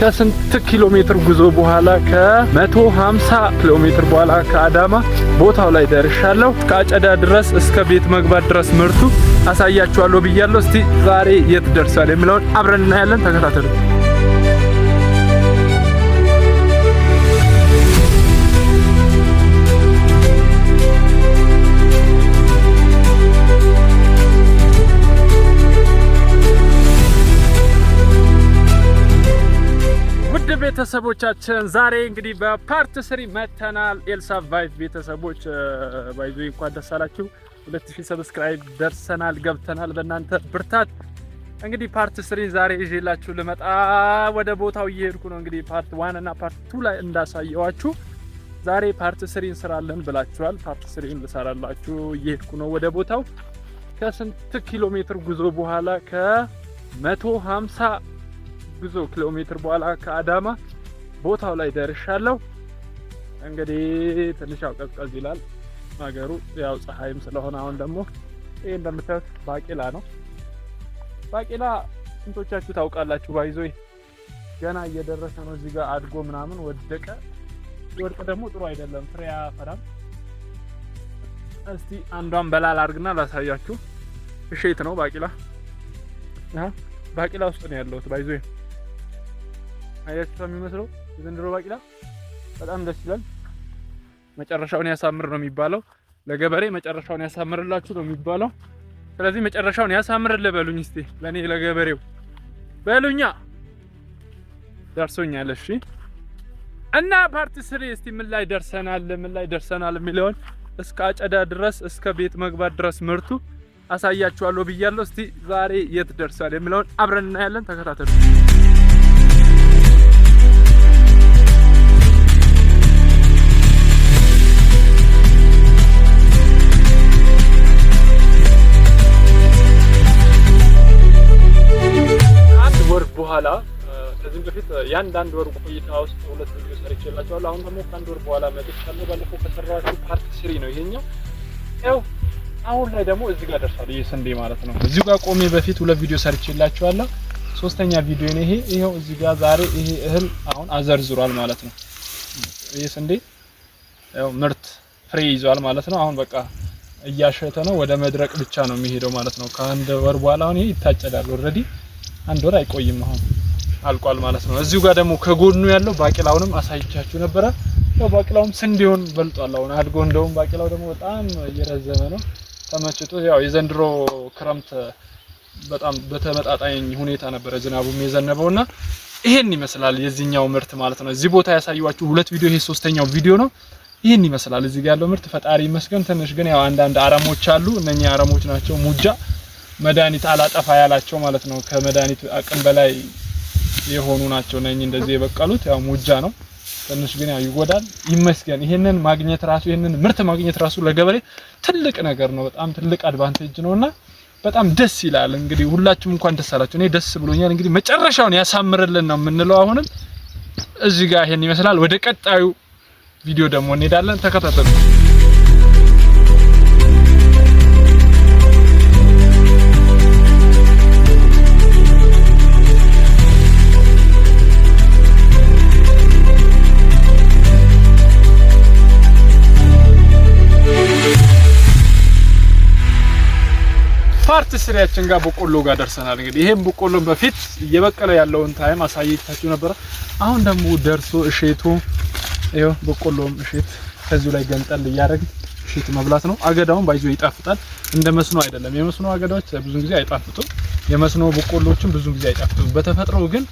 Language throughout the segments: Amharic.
ከስንት ኪሎ ሜትር ጉዞ በኋላ ከ150 ኪሎ ሜትር በኋላ ከአዳማ ቦታው ላይ ደርሻለሁ። ከአጨዳ ድረስ እስከ ቤት መግባት ድረስ ምርቱ አሳያችኋለሁ ብያለሁ። እስቲ ዛሬ የት ደርሳል የሚለውን አብረን እናያለን። ተከታተሉ። ቤተሰቦቻችን ዛሬ እንግዲህ በፓርት ስሪ መተናል። ኤልሳ ቫይቭ ቤተሰቦች ባይዞ እንኳን ደስ አላችሁ። 2000 ሰብስክራይብ ደርሰናል፣ ገብተናል። በእናንተ ብርታት እንግዲህ ፓርት ስሪ ዛሬ ይዤላችሁ ልመጣ ወደ ቦታው እየሄድኩ ነው። እንግዲህ ፓርት ዋን እና ፓርት ቱ ላይ እንዳሳየዋችሁ ዛሬ ፓርት ስሪ እንስራለን ብላችኋል። ፓርት ስሪ እንሰራላችሁ እየሄድኩ ነው ወደ ቦታው ከስንት ኪሎ ሜትር ጉዞ በኋላ ከ150 ጉዞ ኪሎ ሜትር በኋላ ከአዳማ ቦታው ላይ ደርሻለሁ። እንግዲህ ትንሽ ያው ቀዝቀዝ ይላል ሀገሩ ያው ፀሐይም ስለሆነ አሁን ደግሞ ይህ እንደምታዩት ባቄላ ነው። ባቄላ ስንቶቻችሁ ታውቃላችሁ? ባይዞ ገና እየደረሰ ነው እዚህ ጋር አድጎ ምናምን ወደቀ። ወድቅ ደግሞ ጥሩ አይደለም ፍሬ አያፈራም። እስቲ አንዷን በላል አድርግና ላሳያችሁ። እሸት ነው ባቂላ ባቂላ ውስጥ ነው ያለሁት። ባይዞ አያችሁ የሚመስለው የዘንድሮ ባቂላ በጣም ደስ ይላል። መጨረሻውን ያሳምር ነው የሚባለው። ለገበሬ መጨረሻውን ያሳምርላችሁ ነው የሚባለው። ስለዚህ መጨረሻውን ያሳምርልህ በሉኝ እስቲ ለእኔ ለገበሬው በሉኛ። ደርሶኛል። እሺ እና ፓርቲ ስሪ እስቲ ምን ላይ ደርሰናል፣ ምን ላይ ደርሰናል የሚለውን እስከ አጨዳ ድረስ እስከ ቤት መግባት ድረስ ምርቱ አሳያችኋለሁ ብያለሁ። እስቲ ዛሬ የት ደርሳል የሚለውን አብረን እናያለን። ተከታተሉ። ከዚህም በፊት የአንዳንድ ወር ቆይታ ውስጥ ሁለት ቪዲዮ ሰርቼላቸዋለሁ። አሁን ደግሞ ከአንድ ወር በኋላ መጥቻለሁ። ባለፈው ከሰራኋቸው ፓርት ስሪ ነው ይሄኛው። ያው አሁን ላይ ደግሞ እዚህ ጋር ደርሷል። ይህ ስንዴ ማለት ነው። እዚሁ ጋር ቆሜ በፊት ሁለት ቪዲዮ ሰርቼላቸዋለሁ። ሶስተኛ ቪዲዮ ነው ይሄ። ይሄው እዚህ ጋር ዛሬ ይሄ እህል አሁን አዘርዝሯል ማለት ነው። ይሄ ስንዴ ያው ምርት ፍሬ ይዟል ማለት ነው። አሁን በቃ እያሸተ ነው። ወደ መድረቅ ብቻ ነው የሚሄደው ማለት ነው። ከአንድ ወር በኋላ አሁን ይሄ ይታጨዳል። ኦልሬዲ አንድ ወር አይቆይም አሁን አልቋል ማለት ነው። እዚሁ ጋር ደግሞ ከጎኑ ያለው ባቄላውንም አሳይቻችሁ ነበረ። ያው ባቄላውም ስንዴውን በልጧል። አሁን አድጎ እንደውም ባቄላው ደግሞ በጣም እየረዘመ ነው ተመችቶ። ያው የዘንድሮ ክረምት በጣም በተመጣጣኝ ሁኔታ ነበረ ዝናቡም የዘነበውና ይሄን ይመስላል የዚህኛው ምርት ማለት ነው። እዚህ ቦታ ያሳዩዋችሁ ሁለት ቪዲዮ፣ ይሄ ሶስተኛው ቪዲዮ ነው። ይሄን ይመስላል እዚህ ጋር ያለው ምርት። ፈጣሪ ይመስገን። ትንሽ ግን ያው አንዳንድ አረሞች አሉ። እነኚህ አረሞች ናቸው ሙጃ መድኃኒት አላጠፋ ያላቸው ማለት ነው። ከመድኃኒት አቅም በላይ የሆኑ ናቸው ነኝ እንደዚህ የበቀሉት ያው ሙጃ ነው። ትንሽ ግን ያው ይጎዳል። ይመስገን ይሄንን ማግኘት ራሱ ይሄንን ምርት ማግኘት ራሱ ለገበሬ ትልቅ ነገር ነው። በጣም ትልቅ አድቫንቴጅ ነውና በጣም ደስ ይላል። እንግዲህ ሁላችሁም እንኳን ደስ አላችሁ። እኔ ደስ ብሎኛል። እንግዲህ መጨረሻውን ያሳምርልን ነው የምንለው። አሁንም እዚህ ጋር ይሄን ይመስላል። ወደ ቀጣዩ ቪዲዮ ደግሞ እንሄዳለን። ተከታተሉ። ፓርት ስሪያችን ጋር በቆሎ ጋር ደርሰናል። እንግዲህ ይሄን በቆሎ በፊት እየበቀለ ያለውን ታይም አሳይታችሁ ነበረ። አሁን ደግሞ ደርሶ እሸቱ ይኸው በቆሎም እሸት ከዚሁ ላይ ገንጠል እያደረግን እሸት መብላት ነው። አገዳውን ባይዞ ይጣፍጣል። እንደ መስኖ አይደለም። የመስኖ አገዳዎች ብዙ ጊዜ አይጣፍጡም። የመስኖ በቆሎዎችም ብዙ ጊዜ አይጣፍጡም። በተፈጥሮ ግን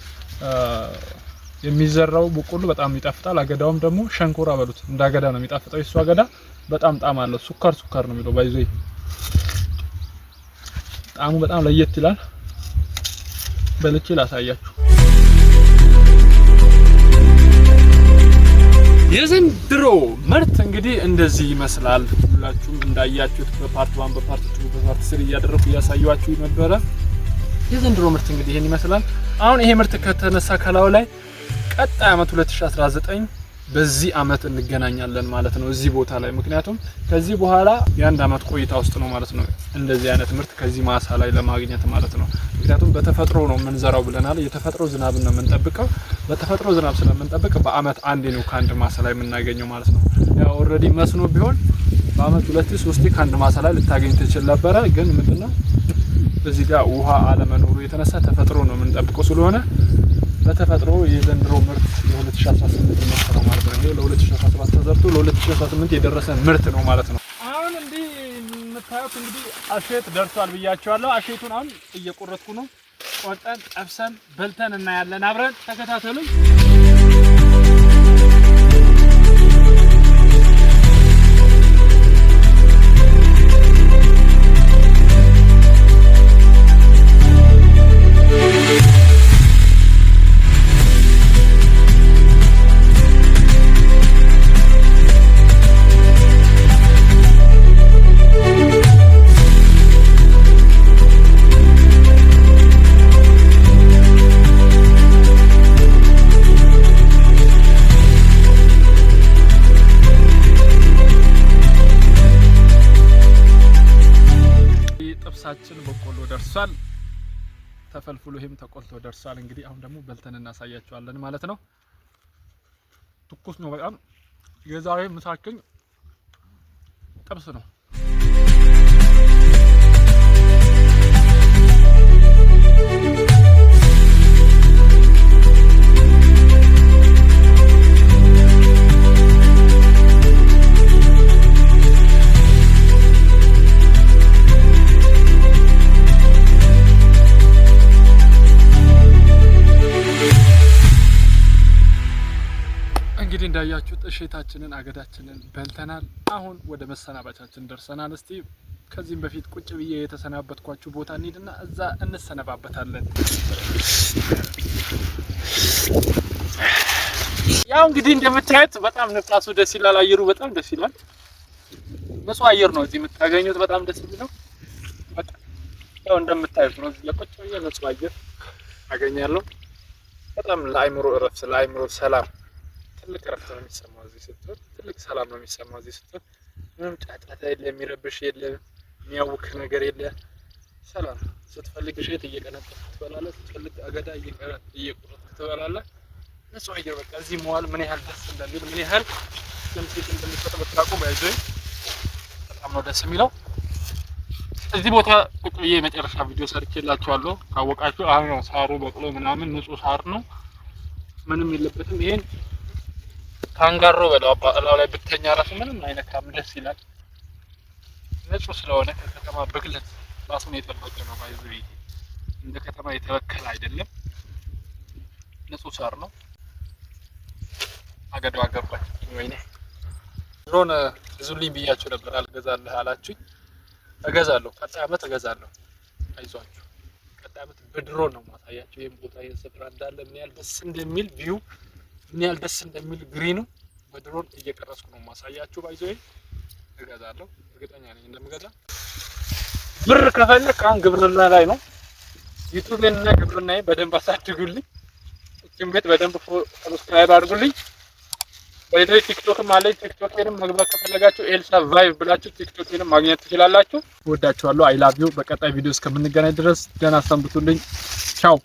የሚዘራው በቆሎ በጣም ይጣፍጣል። አገዳውም ደግሞ ሸንኮራ በሉት እንደ አገዳ ነው የሚጣፍጠው። የሱ አገዳ በጣም ጣም አለው። ሱካር ሱካር ነው የሚለው ባይዞ ጣዕሙ በጣም ለየት ይላል። በልቼ ላሳያችሁ። የዘንድሮ ምርት እንግዲህ እንደዚህ ይመስላል። ሁላችሁም እንዳያችሁት በፓርት 1 በፓርት 2 በፓርት ስሪ እያደረኩ እያሳያችሁ ነበረ። የዘንድሮ ምርት እንግዲህ ይሄን ይመስላል። አሁን ይሄ ምርት ከተነሳ ከላዩ ላይ ቀጣይ አመት 2019 በዚህ አመት እንገናኛለን ማለት ነው እዚህ ቦታ ላይ። ምክንያቱም ከዚህ በኋላ የአንድ አመት ቆይታ ውስጥ ነው ማለት ነው እንደዚህ አይነት ምርት ከዚህ ማሳ ላይ ለማግኘት ማለት ነው። ምክንያቱም በተፈጥሮ ነው የምንዘራው ብለናል። የተፈጥሮ ዝናብ ነው የምንጠብቀው። በተፈጥሮ ዝናብ ስለምንጠብቅ በአመት አንዴ ነው ከአንድ ማሳ ላይ የምናገኘው ማለት ነው። ያው ኦልሬዲ መስኖ ቢሆን በአመት ሁለት ሶስቴ ከአንድ ማሳ ላይ ልታገኝ ትችል ነበረ። ግን ምንድነው እዚህ ጋር ውሃ አለመኖሩ የተነሳ ተፈጥሮ ነው የምንጠብቀው ስለሆነ በተፈጥሮ የዘንድሮ ምርት የ2018 ምርት ነው ማለት ነው። ለ2017 ተዘርቶ ለ2018 የደረሰ ምርት ነው ማለት ነው። አሁን እንዲህ የምታዩት እንግዲህ አሼት ደርሷል ብያቸዋለሁ። አሼቱን አሁን እየቆረጥኩ ነው። ቆርጠን ጠብሰን በልተን እናያለን። አብረን ተከታተሉኝ። ብሎ ይሄም ተቆልቶ ደርሷል። እንግዲህ አሁን ደግሞ በልተን እናሳያቸዋለን ማለት ነው። ትኩስ ነው በጣም። የዛሬ ምሳችን ጥብስ ነው። እንዳያችሁት እሸታችንን አገዳችንን በልተናል። አሁን ወደ መሰናበቻችን ደርሰናል። እስቲ ከዚህም በፊት ቁጭ ብዬ የተሰናበትኳችሁ ቦታ እንሂድና እዛ እንሰነባበታለን። ያው እንግዲህ እንደምታዩት በጣም ንፋሱ ደስ ይላል። አየሩ በጣም ደስ ይላል። ንጹህ አየር ነው እዚህ የምታገኙት። በጣም ደስ የሚል ነው። ያው እንደምታዩት ነው። እዚህ ቁጭ ብዬ ንጹህ አየር አገኛለሁ። በጣም ለአይምሮ እረፍት፣ ለአይምሮ ሰላም ትልቅ እረፍት ነው የሚሰማው እዚህ ስትሆን፣ ትልቅ ሰላም ነው የሚሰማው እዚህ ስትሆን። ምንም ጫጫታ የለ፣ የሚረብሽ የለ፣ የሚያውክ ነገር የለ። ሰላም ስትፈልግ እሸት እየቀነጠፍክ ትበላለህ፣ ስትፈልግ አገዳ እየቆረጥክ ትበላለህ። ንጹህ አየር በቃ እዚህ መዋል ምን ያህል ደስ እንደሚል ምን ያህል ስምሴት እንደሚፈጥ በታቁ ባይዞኝ በጣም ነው ደስ የሚለው። እዚህ ቦታ ቁጭ ብዬ የመጨረሻ ቪዲዮ ሰርቼላችኋለሁ ካወቃችሁ። አሁን ነው ሳሩ በቅሎ ምናምን ንጹህ ሳር ነው፣ ምንም የለበትም። ይሄን ታንጋሮ በለው አባላው ላይ ብተኛ ራሱ ምንም አይነካም። ደስ ይላል። ንጹህ ስለሆነ ከከተማ በግለት ራሱን የጠበቀ ነው። ባይዘ እንደ ከተማ የተበከለ አይደለም። ንጹህ ሳር ነው። አገዶ አገባኝ። ወይኔ ድሮን እዙልኝ ብያችሁ ነበር። አልገዛልህ አላችሁኝ። እገዛለሁ። ቀጣይ አመት እገዛለሁ። አይዟችሁ። ቀጣይ አመት በድሮን ነው ማሳያችሁ ይህም ቦታ ይህን ስፍራ እንዳለ ምን ያህል ደስ እንደሚል ቪው ምን ያህል ደስ እንደሚል ግሪኑ በድሮን እየቀረጽኩ ነው ማሳያችሁ። ባይዘ እገዛለሁ፣ እርግጠኛ ነኝ እንደምገዛ። ብር ከፈለክ አሁን ግብርና ላይ ነው። ዩቱቤን እና ግብርናዬ በደንብ አሳድጉልኝ። እችን ቤት በደንብ ሰብስክራይብ አድርጉልኝ። በሌላ ቲክቶክም አለኝ። ቲክቶኬንም መግባት ከፈለጋችሁ ኤልሳ ቫይቭ ብላችሁ ቲክቶኬንም ማግኘት ትችላላችሁ። እወዳችኋለሁ። አይ ላቭ ዩ። በቀጣይ ቪዲዮ እስከምንገናኝ ድረስ ደህና ሰንብቱልኝ። ቻው